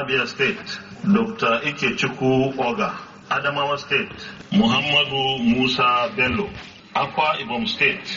abia state dr ike ciku oga adamawa state muhammadu musa bello akwa ibom state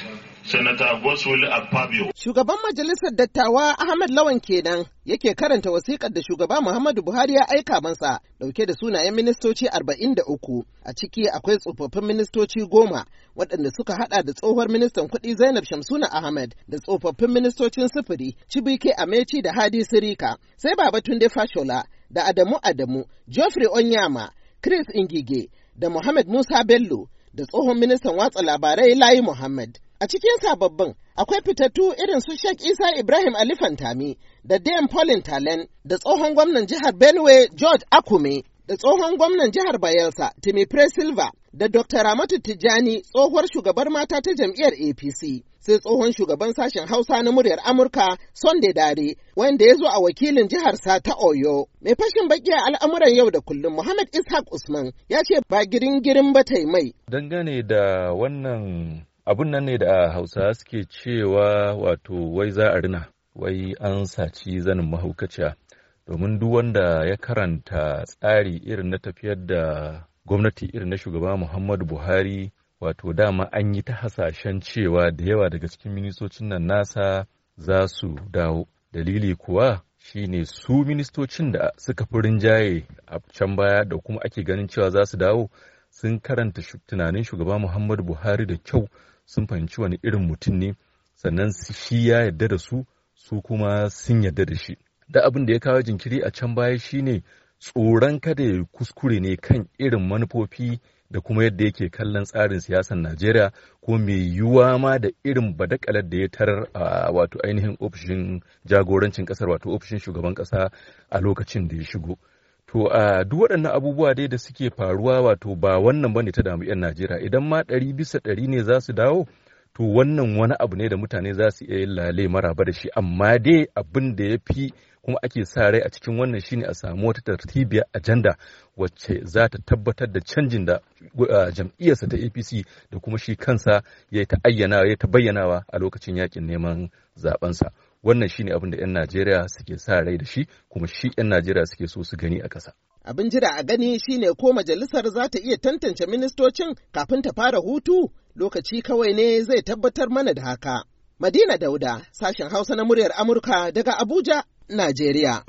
Senator Boswell Akpabio. Shugaban Majalisar Dattawa Ahmad Lawan kenan yake karanta wasiƙar da shugaba Muhammadu Buhari ya aika masa dauke da sunayen ministoci arba'in da uku, a ciki akwai tsofaffin ministoci goma waɗanda suka hada da tsohuwar ministan kuɗi Zainab Shamsuna Ahmed da tsofaffin ministocin sufuri Cibike, Amechi da Hadi Sirika sai Baba Tunde Fashola da Adamu Adamu, Geoffrey Onyama, Chris Ingige da Muhammad Musa Bello da tsohon ministan watsa labarai Layi Muhammad. A cikin sababbin akwai fitattu irin su Sheikh Isa Ibrahim Ali Fantami da Dan Paulin Talen da tsohon gwamnan jihar Benue George Akume da tsohon gwamnan jihar Bayelsa Timipre Silva da Dr. Ramatu Tijjani tsohuwar shugabar mata ta jam'iyyar APC. Sai tsohon shugaban sashen Hausa na muryar Amurka Sunday Dare wanda ya zo a wakilin jihar sa ta Oyo. Mai fashin baki a al'amuran yau da kullum Muhammad Ishaq Usman ya ce ba girin girin ba ta mai. Dangane da wannan abun nan ne da hausa suke cewa wato wai za a rina wai an saci zanin mahaukaciya domin duk wanda ya karanta tsari irin na tafiyar da gwamnati irin na shugaba muhammadu buhari wato dama an yi ta hasashen cewa da yawa daga cikin ministocin nan nasa za su dawo dalili kuwa shine su ministocin da suka fi rinjaye a can baya da kuma ake ganin cewa za su dawo sun karanta tunanin shugaba muhammadu buhari da kyau sun fahimci wani irin mutum ne sannan shi ya yarda da su su kuma sun yarda da shi da abin da ya kawo jinkiri a can baya shine tsoron kada ya kuskure ne kan irin manufofi da kuma yadda yake kallon tsarin siyasar Najeriya ko mai yiwuwa ma da irin badakalar da ya tarar a wato ainihin ofishin jagorancin kasar wato ofishin shugaban kasa a lokacin da ya shigo. To a duk waɗannan abubuwa dai da suke faruwa wato ba wannan bane ta damu 'yan Najeriya idan ma ɗari bisa ɗari ne za su dawo to wannan wani abu ne da mutane za su iya yin lale maraba da shi amma dai abin da ya fi kuma ake sa rai a cikin wannan shine a samu wata tartibiyar ajanda wacce za ta tabbatar da canjin da jam'iyyarsa ta apc da kuma shi kansa ya ta ayyana ya ta bayyanawa a lokacin yakin neman zaɓensa? wannan shine abin da 'yan najeriya suke sa rai da shi kuma shi 'yan najeriya suke so su gani a ƙasa abin jira a gani shine ko majalisar za ta iya tantance ministocin kafin ta fara hutu lokaci kawai ne zai tabbatar mana da haka madina dauda sashen hausa na muryar amurka daga abuja najeriya